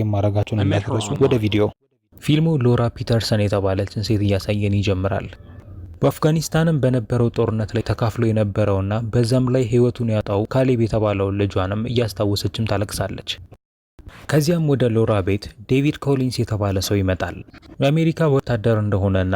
የማረጋቸውን የሚያደርሱ ወደ ቪዲዮ ፊልሙ ሎራ ፒተርሰን የተባለችን ሴት እያሳየን ይጀምራል። በአፍጋኒስታንም በነበረው ጦርነት ላይ ተካፍሎ የነበረውና በዛም ላይ ህይወቱን ያጣው ካሌብ የተባለውን ልጇንም እያስታወሰችም ታለቅሳለች። ከዚያም ወደ ሎራ ቤት ዴቪድ ኮሊንስ የተባለ ሰው ይመጣል። የአሜሪካ ወታደር እንደሆነና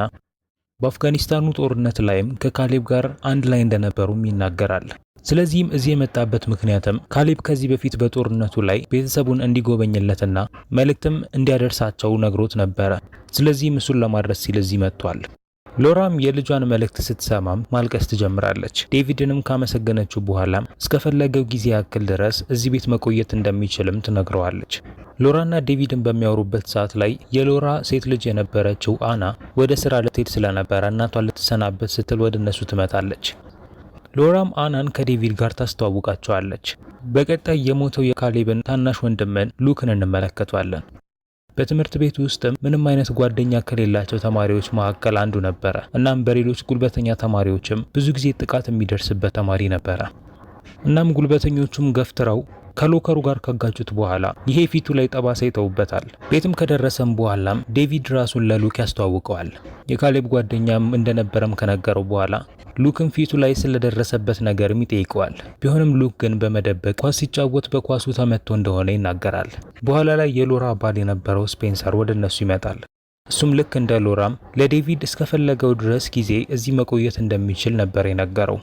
በአፍጋኒስታኑ ጦርነት ላይም ከካሌብ ጋር አንድ ላይ እንደነበሩም ይናገራል። ስለዚህም እዚህ የመጣበት ምክንያትም ካሌብ ከዚህ በፊት በጦርነቱ ላይ ቤተሰቡን እንዲጎበኝለትና መልእክትም እንዲያደርሳቸው ነግሮት ነበረ። ስለዚህም እሱን ለማድረስ ሲል እዚህ መጥቷል። ሎራም የልጇን መልእክት ስትሰማም ማልቀስ ትጀምራለች። ዴቪድንም ካመሰገነችው በኋላም እስከፈለገው ጊዜ ያክል ድረስ እዚህ ቤት መቆየት እንደሚችልም ትነግረዋለች። ሎራና ዴቪድን በሚያወሩበት ሰዓት ላይ የሎራ ሴት ልጅ የነበረችው አና ወደ ስራ ልትሄድ ስለነበረ እናቷን ልትሰናበት ስትል ወደ እነሱ ትመጣለች። ሎራም አናን ከዴቪድ ጋር ታስተዋውቃቸዋለች። በቀጣይ የሞተው የካሌብን ታናሽ ወንድምን ሉክን እንመለከቷለን። በትምህርት ቤት ውስጥም ምንም አይነት ጓደኛ ከሌላቸው ተማሪዎች መካከል አንዱ ነበረ። እናም በሌሎች ጉልበተኛ ተማሪዎችም ብዙ ጊዜ ጥቃት የሚደርስበት ተማሪ ነበረ። እናም ጉልበተኞቹም ገፍትረው ከሎከሩ ጋር ከጋጩት በኋላ ይሄ ፊቱ ላይ ጠባሳ ይተውበታል። ቤትም ከደረሰም በኋላም ዴቪድ ራሱን ለሉክ ያስተዋውቀዋል። የካሌብ ጓደኛም እንደነበረም ከነገረው በኋላ ሉክም ፊቱ ላይ ስለደረሰበት ነገርም ይጠይቀዋል። ቢሆንም ሉክ ግን በመደበቅ ኳስ ሲጫወት በኳሱ ተመቶ እንደሆነ ይናገራል። በኋላ ላይ የሎራ ባል የነበረው ስፔንሰር ወደ እነሱ ይመጣል። እሱም ልክ እንደ ሎራም ለዴቪድ እስከፈለገው ድረስ ጊዜ እዚህ መቆየት እንደሚችል ነበር የነገረው።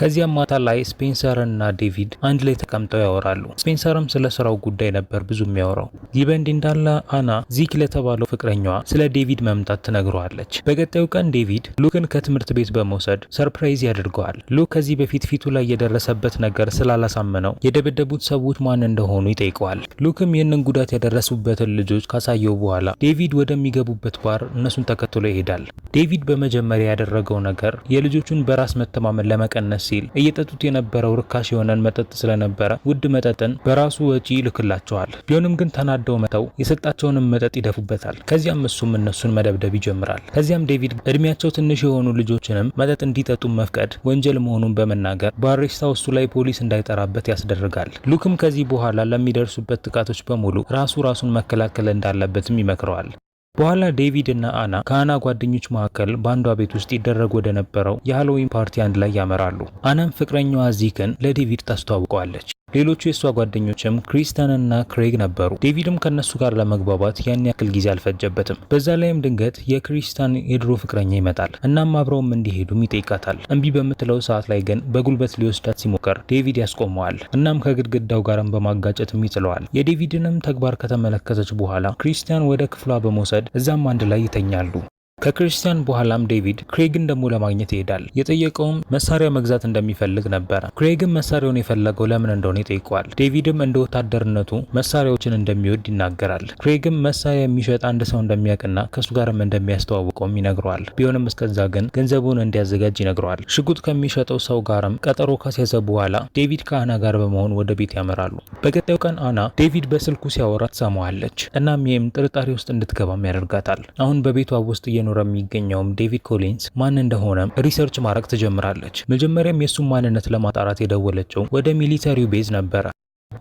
ከዚያም ማታ ላይ ስፔንሰር እና ዴቪድ አንድ ላይ ተቀምጠው ያወራሉ። ስፔንሰርም ስለ ስራው ጉዳይ ነበር ብዙ የሚያወራው። ይህ በእንዲህ እንዳለ አና ዚክ ለተባለው ፍቅረኛዋ ስለ ዴቪድ መምጣት ትነግረዋለች። በቀጣዩ ቀን ዴቪድ ሉክን ከትምህርት ቤት በመውሰድ ሰርፕራይዝ ያደርገዋል። ሉክ ከዚህ በፊት ፊቱ ላይ የደረሰበት ነገር ስላላሳመነው የደበደቡት ሰዎች ማን እንደሆኑ ይጠይቀዋል። ሉክም ይህንን ጉዳት ያደረሱበትን ልጆች ካሳየው በኋላ ዴቪድ ወደሚገቡበት ባር እነሱን ተከትሎ ይሄዳል። ዴቪድ በመጀመሪያ ያደረገው ነገር የልጆቹን በራስ መተማመን ለመቀነስ ሲል እየጠጡት የነበረው ርካሽ የሆነን መጠጥ ስለነበረ ውድ መጠጥን በራሱ ወጪ ይልክላቸዋል። ቢሆንም ግን ተናደው መተው የሰጣቸውንም መጠጥ ይደፉበታል። ከዚያም እሱም እነሱን መደብደብ ይጀምራል። ከዚያም ዴቪድ እድሜያቸው ትንሽ የሆኑ ልጆችንም መጠጥ እንዲጠጡ መፍቀድ ወንጀል መሆኑን በመናገር በአሬስታ እሱ ላይ ፖሊስ እንዳይጠራበት ያስደርጋል። ሉክም ከዚህ በኋላ ለሚደርሱበት ጥቃቶች በሙሉ ራሱ ራሱን መከላከል እንዳለበትም ይመክረዋል። በኋላ ዴቪድ እና አና ከአና ጓደኞች መካከል በአንዷ ቤት ውስጥ ይደረግ ወደ ነበረው የሃሎዊን ፓርቲ አንድ ላይ ያመራሉ። አናም ፍቅረኛዋ ዚክን ለዴቪድ ታስተዋውቀዋለች። ሌሎቹ የእሷ ጓደኞችም ክሪስተንና ክሬግ ነበሩ። ዴቪድም ከነሱ ጋር ለመግባባት ያን ያክል ጊዜ አልፈጀበትም። በዛ ላይም ድንገት የክሪስተን የድሮ ፍቅረኛ ይመጣል። እናም አብረውም እንዲሄዱም ይጠይቃታል። እምቢ በምትለው ሰዓት ላይ ግን በጉልበት ሊወስዳት ሲሞከር ዴቪድ ያስቆመዋል። እናም ከግድግዳው ጋርም በማጋጨትም ይጥለዋል። የዴቪድንም ተግባር ከተመለከተች በኋላ ክሪስቲያን ወደ ክፍሏ በመውሰድ እዛም አንድ ላይ ይተኛሉ። ከክርስቲያን በኋላም ዴቪድ ክሬግን ደግሞ ለማግኘት ይሄዳል። የጠየቀውም መሳሪያ መግዛት እንደሚፈልግ ነበረ። ክሬግም መሳሪያውን የፈለገው ለምን እንደሆነ ይጠይቀዋል። ዴቪድም እንደ ወታደርነቱ መሳሪያዎችን እንደሚወድ ይናገራል። ክሬግም መሳሪያ የሚሸጥ አንድ ሰው እንደሚያውቅና ከእሱ ጋርም እንደሚያስተዋውቀውም ይነግረዋል። ቢሆንም እስከዛ ግን ገንዘቡን እንዲያዘጋጅ ይነግረዋል። ሽጉጥ ከሚሸጠው ሰው ጋርም ቀጠሮ ከሴዘ በኋላ ዴቪድ ከአና ጋር በመሆን ወደ ቤት ያመራሉ። በቀጣዩ ቀን አና ዴቪድ በስልኩ ሲያወራ ትሰማዋለች። እናም ይህም ጥርጣሬ ውስጥ እንድትገባም ያደርጋታል። አሁን በቤቷ ውስጥ እየኖረ የሚገኘውም ዴቪድ ኮሊንስ ማን እንደሆነም ሪሰርች ማድረግ ትጀምራለች። መጀመሪያም የእሱን ማንነት ለማጣራት የደወለችው ወደ ሚሊተሪው ቤዝ ነበረ።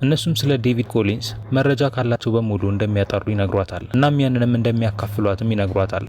እነሱም ስለ ዴቪድ ኮሊንስ መረጃ ካላቸው በሙሉ እንደሚያጠሩ ይነግሯታል። እናም ያንንም እንደሚያካፍሏትም ይነግሯታል።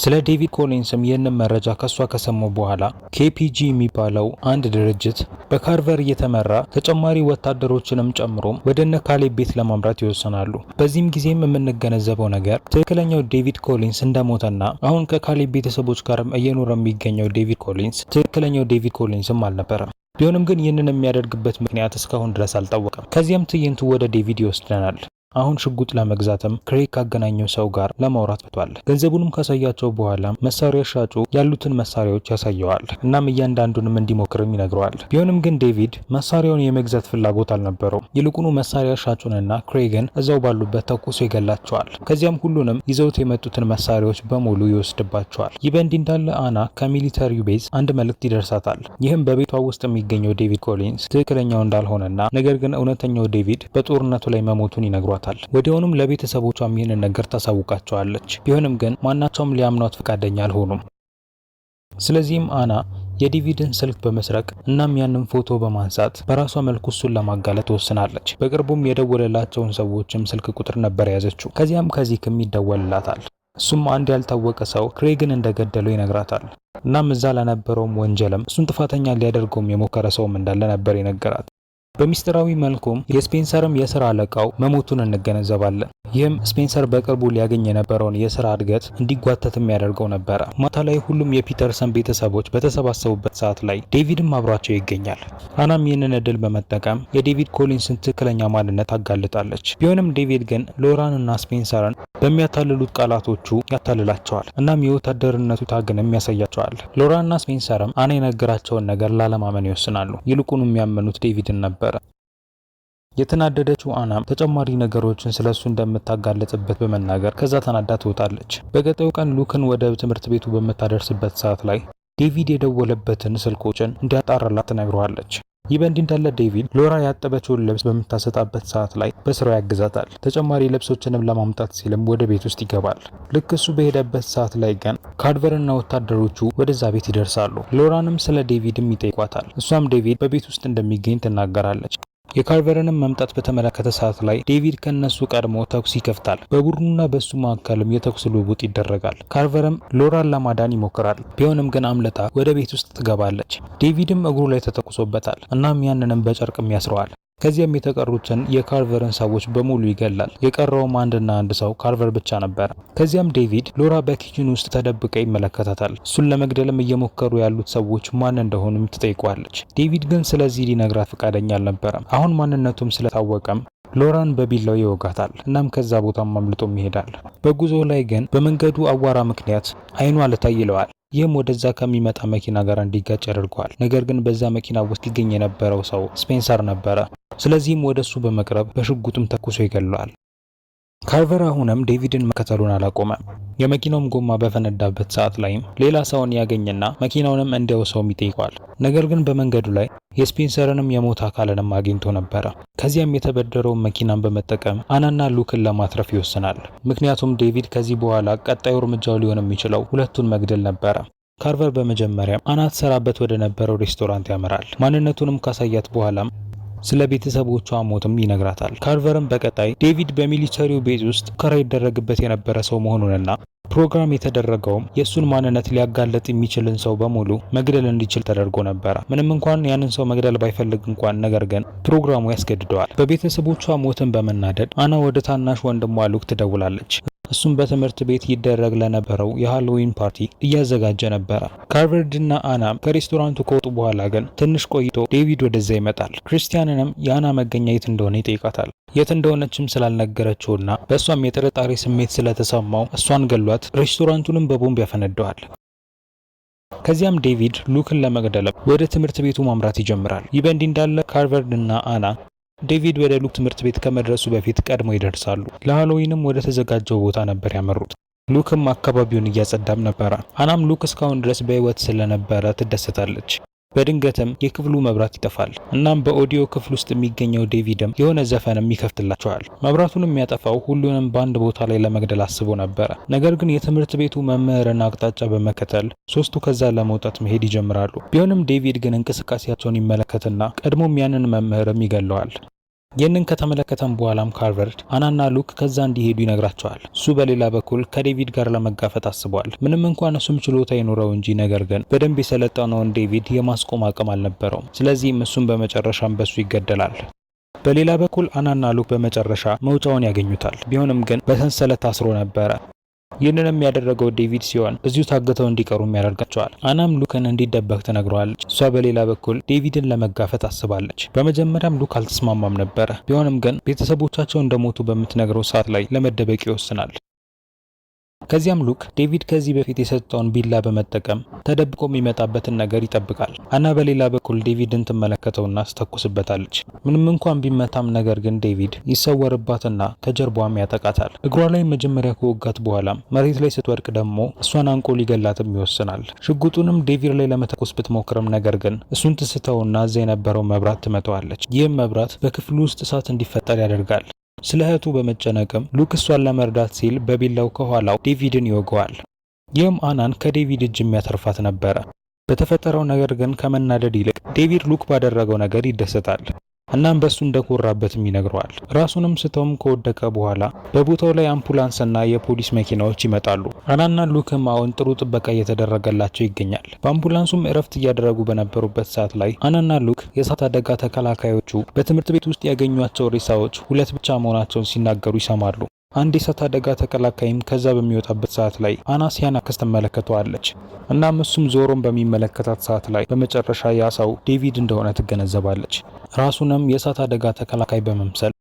ስለ ዴቪድ ኮሊንስም ይህንን መረጃ ከሷ ከሰሙ በኋላ ኬፒጂ የሚባለው አንድ ድርጅት በካርቨር እየተመራ ተጨማሪ ወታደሮችንም ጨምሮ ወደ እነ ካሌብ ቤት ለማምራት ይወሰናሉ። በዚህም ጊዜም የምንገነዘበው ነገር ትክክለኛው ዴቪድ ኮሊንስ እንደሞተና አሁን ከካሌብ ቤተሰቦች ጋርም እየኖረ የሚገኘው ዴቪድ ኮሊንስ ትክክለኛው ዴቪድ ኮሊንስም አልነበረም። ቢሆንም ግን ይህንን የሚያደርግበት ምክንያት እስካሁን ድረስ አልታወቀም። ከዚያም ትዕይንቱ ወደ ዴቪድ ይወስደናል። አሁን ሽጉጥ ለመግዛትም ክሬግ ካገናኘው ሰው ጋር ለማውራት ብቷል። ገንዘቡንም ካሳያቸው በኋላ መሳሪያ ሻጩ ያሉትን መሳሪያዎች ያሳየዋል። እናም እያንዳንዱንም እንዲሞክርም ይነግረዋል። ቢሆንም ግን ዴቪድ መሳሪያውን የመግዛት ፍላጎት አልነበረው። ይልቁኑ መሳሪያ ሻጩንና ክሬግን እዛው ባሉበት ተኩሶ ይገላቸዋል። ከዚያም ሁሉንም ይዘውት የመጡትን መሳሪያዎች በሙሉ ይወስድባቸዋል። ይህ በእንዲህ እንዳለ አና ከሚሊተሪው ቤዝ አንድ መልእክት ይደርሳታል። ይህም በቤቷ ውስጥ የሚገኘው ዴቪድ ኮሊንስ ትክክለኛው እንዳልሆነና ነገር ግን እውነተኛው ዴቪድ በጦርነቱ ላይ መሞቱን ይነግሯል። ይነግሯታል። ወዲያውኑም ለቤተሰቦቿም ይህንን ነገር ታሳውቃቸዋለች። ቢሆንም ግን ማናቸውም ሊያምኗት ፈቃደኛ አልሆኑም። ስለዚህም አና የዲቪድን ስልክ በመስረቅ እናም ያንን ፎቶ በማንሳት በራሷ መልኩ እሱን ለማጋለጥ ትወስናለች። በቅርቡም የደወለላቸውን ሰዎችም ስልክ ቁጥር ነበር የያዘችው። ከዚያም ከዚክም ይደወልላታል። እሱም አንድ ያልታወቀ ሰው ክሬግን እንደገደለው ይነግራታል። እናም እዛ ለነበረውም ወንጀልም እሱን ጥፋተኛ ሊያደርገውም የሞከረ ሰውም እንዳለ ነበር ይነገራት። በሚስጥራዊ መልኩም የስፔንሰርም የስራ አለቃው መሞቱን እንገነዘባለን። ይህም ስፔንሰር በቅርቡ ሊያገኝ የነበረውን የስራ እድገት እንዲጓተት የሚያደርገው ነበረ። ማታ ላይ ሁሉም የፒተርሰን ቤተሰቦች በተሰባሰቡበት ሰዓት ላይ ዴቪድም አብሯቸው ይገኛል። አናም ይህንን እድል በመጠቀም የዴቪድ ኮሊንስን ትክክለኛ ማንነት ታጋልጣለች። ቢሆንም ዴቪድ ግን ሎራንና ስፔንሰርን በሚያታልሉት ቃላቶቹ ያታልላቸዋል። እናም የወታደርነቱ ታግንም ያሳያቸዋል። ሎራንና ስፔንሰርም አና የነገራቸውን ነገር ላለማመን ይወስናሉ። ይልቁኑ የሚያመኑት ዴቪድን ነበረ። የተናደደችው አናም ተጨማሪ ነገሮችን ስለሱ እንደምታጋለጥበት በመናገር ከዛ ተናዳ ትወጣለች። በገጠው ቀን ሉክን ወደ ትምህርት ቤቱ በምታደርስበት ሰዓት ላይ ዴቪድ የደወለበትን ስልኮችን እንዲያጣራላት ትነግረዋለች። ይህ በእንዲህ እንዳለ ዴቪድ ሎራ ያጠበችውን ልብስ በምታሰጣበት ሰዓት ላይ በስራው ያግዛታል። ተጨማሪ ልብሶችንም ለማምጣት ሲልም ወደ ቤት ውስጥ ይገባል። ልክ እሱ በሄደበት ሰዓት ላይ ግን ካድቨርና ወታደሮቹ ወደዛ ቤት ይደርሳሉ። ሎራንም ስለ ዴቪድም ይጠይቋታል። እሷም ዴቪድ በቤት ውስጥ እንደሚገኝ ትናገራለች። የካርቨርንም መምጣት በተመለከተ ሰዓት ላይ ዴቪድ ከነሱ ቀድሞ ተኩስ ይከፍታል። በቡድኑና በሱ መካከልም የተኩስ ልውውጥ ይደረጋል። ካርቨርም ሎራን ለማዳን ይሞክራል። ቢሆንም ግን አምለታ ወደ ቤት ውስጥ ትገባለች። ዴቪድም እግሩ ላይ ተተኩሶበታል። እናም ያንንም በጨርቅም ያስረዋል። ከዚያም የተቀሩትን የካርቨርን ሰዎች በሙሉ ይገላል። የቀረውም አንድና አንድ ሰው ካርቨር ብቻ ነበረ። ከዚያም ዴቪድ ሎራ በኪችን ውስጥ ተደብቃ ይመለከታታል። እሱን ለመግደልም እየሞከሩ ያሉት ሰዎች ማን እንደሆኑም ትጠይቋለች። ዴቪድ ግን ስለዚህ ሊነግራት ፈቃደኛ አልነበረም። አሁን ማንነቱም ስለታወቀም ሎራን በቢላው ይወጋታል። እናም ከዛ ቦታም አምልጦም ይሄዳል። በጉዞ ላይ ግን በመንገዱ አዋራ ምክንያት አይኑ አልታይ ይለዋል። ይህም ወደዛ ከሚመጣ መኪና ጋር እንዲጋጭ ያደርገዋል። ነገር ግን በዛ መኪና ውስጥ ይገኝ የነበረው ሰው ስፔንሰር ነበረ። ስለዚህም ወደ እሱ በመቅረብ በሽጉጥም ተኩሶ ይገለዋል። ካርቨር አሁንም ዴቪድን መከተሉን አላቆመም። የመኪናውም ጎማ በፈነዳበት ሰዓት ላይም ሌላ ሰውን ያገኝና መኪናውንም እንዲያወሰውም ይጠይቀዋል። ነገር ግን በመንገዱ ላይ የስፔንሰርንም የሞት አካልንም አግኝቶ ነበረ። ከዚያም የተበደረውን መኪናን በመጠቀም አናና ሉክን ለማትረፍ ይወስናል። ምክንያቱም ዴቪድ ከዚህ በኋላ ቀጣዩ እርምጃው ሊሆን የሚችለው ሁለቱን መግደል ነበረ። ካርቨር በመጀመሪያ አና ትሰራበት ወደ ነበረው ሬስቶራንት ያመራል። ማንነቱንም ካሳያት በኋላም ስለ ቤተሰቦቿ ሞትም ይነግራታል። ካርቨርም በቀጣይ ዴቪድ በሚሊተሪው ቤት ውስጥ ሙከራ ይደረግበት የነበረ ሰው መሆኑንና ፕሮግራም የተደረገውም የእሱን ማንነት ሊያጋለጥ የሚችልን ሰው በሙሉ መግደል እንዲችል ተደርጎ ነበረ። ምንም እንኳን ያንን ሰው መግደል ባይፈልግ እንኳን ነገር ግን ፕሮግራሙ ያስገድደዋል። በቤተሰቦቿ ሞትን በመናደድ አና ወደ ታናሽ ወንድሟ ሉክ ትደውላለች። እሱም በትምህርት ቤት ይደረግ ለነበረው የሃሎዊን ፓርቲ እያዘጋጀ ነበረ። ካርቨርድና አና ከሬስቶራንቱ ከወጡ በኋላ ግን ትንሽ ቆይቶ ዴቪድ ወደዛ ይመጣል። ክርስቲያንንም የአና መገኛ የት እንደሆነ ይጠይቃታል። የት እንደሆነችም ስላልነገረችውና በእሷም የጥርጣሬ ስሜት ስለተሰማው እሷን ገሏት ሬስቶራንቱንም በቦምብ ያፈነደዋል። ከዚያም ዴቪድ ሉክን ለመግደለም ወደ ትምህርት ቤቱ ማምራት ይጀምራል። ይህ በእንዲህ እንዳለ ካርቨርድ እና አና ዴቪድ ወደ ሉክ ትምህርት ቤት ከመድረሱ በፊት ቀድሞ ይደርሳሉ። ለሃሎዊንም ወደ ተዘጋጀው ቦታ ነበር ያመሩት። ሉክም አካባቢውን እያጸዳም ነበረ። አናም ሉክ እስካሁን ድረስ በህይወት ስለነበረ ትደሰታለች። በድንገትም የክፍሉ መብራት ይጠፋል። እናም በኦዲዮ ክፍል ውስጥ የሚገኘው ዴቪድም የሆነ ዘፈንም ይከፍትላቸዋል። መብራቱን የሚያጠፋው ሁሉንም በአንድ ቦታ ላይ ለመግደል አስቦ ነበረ። ነገር ግን የትምህርት ቤቱ መምህርን አቅጣጫ በመከተል ሶስቱ ከዛ ለመውጣት መሄድ ይጀምራሉ። ቢሆንም ዴቪድ ግን እንቅስቃሴያቸውን ይመለከትና ቀድሞም ያንን መምህርም ይገለዋል። ይህንን ከተመለከተም በኋላም ካርቨርድ አናና ሉክ ከዛ እንዲሄዱ ይነግራቸዋል። እሱ በሌላ በኩል ከዴቪድ ጋር ለመጋፈጥ አስቧል። ምንም እንኳን እሱም ችሎታ ይኖረው እንጂ ነገር ግን በደንብ የሰለጠነውን ዴቪድ የማስቆም አቅም አልነበረውም። ስለዚህም እሱም በመጨረሻም በሱ ይገደላል። በሌላ በኩል አናና ሉክ በመጨረሻ መውጫውን ያገኙታል። ቢሆንም ግን በሰንሰለት ታስሮ ነበረ። ይህንንም ያደረገው ዴቪድ ሲሆን እዚሁ ታግተው እንዲቀሩ ያደርጋቸዋል። አናም ሉክን እንዲደበቅ ትነግረዋለች። እሷ በሌላ በኩል ዴቪድን ለመጋፈት አስባለች። በመጀመሪያም ሉክ አልተስማማም ነበረ። ቢሆንም ግን ቤተሰቦቻቸው እንደሞቱ በምትነግረው ሰዓት ላይ ለመደበቅ ይወስናል። ከዚያም ሉክ ዴቪድ ከዚህ በፊት የሰጠውን ቢላ በመጠቀም ተደብቆ የሚመጣበትን ነገር ይጠብቃል። አና በሌላ በኩል ዴቪድን ትመለከተውና ትተኩስበታለች። ምንም እንኳን ቢመታም፣ ነገር ግን ዴቪድ ይሰወርባትና ከጀርባዋም ያጠቃታል። እግሯ ላይ መጀመሪያ ከወጋት በኋላም መሬት ላይ ስትወድቅ ደግሞ እሷን አንቆ ሊገላትም ይወስናል። ሽጉጡንም ዴቪድ ላይ ለመተኮስ ብትሞክርም፣ ነገር ግን እሱን ትስተውና እዚያ የነበረው መብራት ትመተዋለች። ይህም መብራት በክፍሉ ውስጥ እሳት እንዲፈጠር ያደርጋል። ስለ እህቱ በመጨነቅም ሉክ እሷን ለመርዳት ሲል በቢላው ከኋላው ዴቪድን ይወገዋል። ይህም አናን ከዴቪድ እጅ የሚያተርፋት ነበረ። በተፈጠረው ነገር ግን ከመናደድ ይልቅ ዴቪድ ሉክ ባደረገው ነገር ይደሰታል። እናም በሱ እንደኮራበትም ይነግረዋል። ራሱንም ስተውም ከወደቀ በኋላ በቦታው ላይ አምቡላንስና የፖሊስ መኪናዎች ይመጣሉ። አናና ሉክም አሁን ጥሩ ጥበቃ እየተደረገላቸው ይገኛል። በአምቡላንሱም እረፍት እያደረጉ በነበሩበት ሰዓት ላይ አናና ሉክ የእሳት አደጋ ተከላካዮቹ በትምህርት ቤት ውስጥ ያገኟቸው ሬሳዎች ሁለት ብቻ መሆናቸውን ሲናገሩ ይሰማሉ። አንድ የእሳት አደጋ ተከላካይም ከዛ በሚወጣበት ሰዓት ላይ አናሲያን አክስት ትመለከተዋለች። እናም እሱም ዞሮን በሚመለከታት ሰዓት ላይ በመጨረሻ ያሳው ዴቪድ እንደሆነ ትገነዘባለች። ራሱንም የእሳት አደጋ ተከላካይ በመምሰል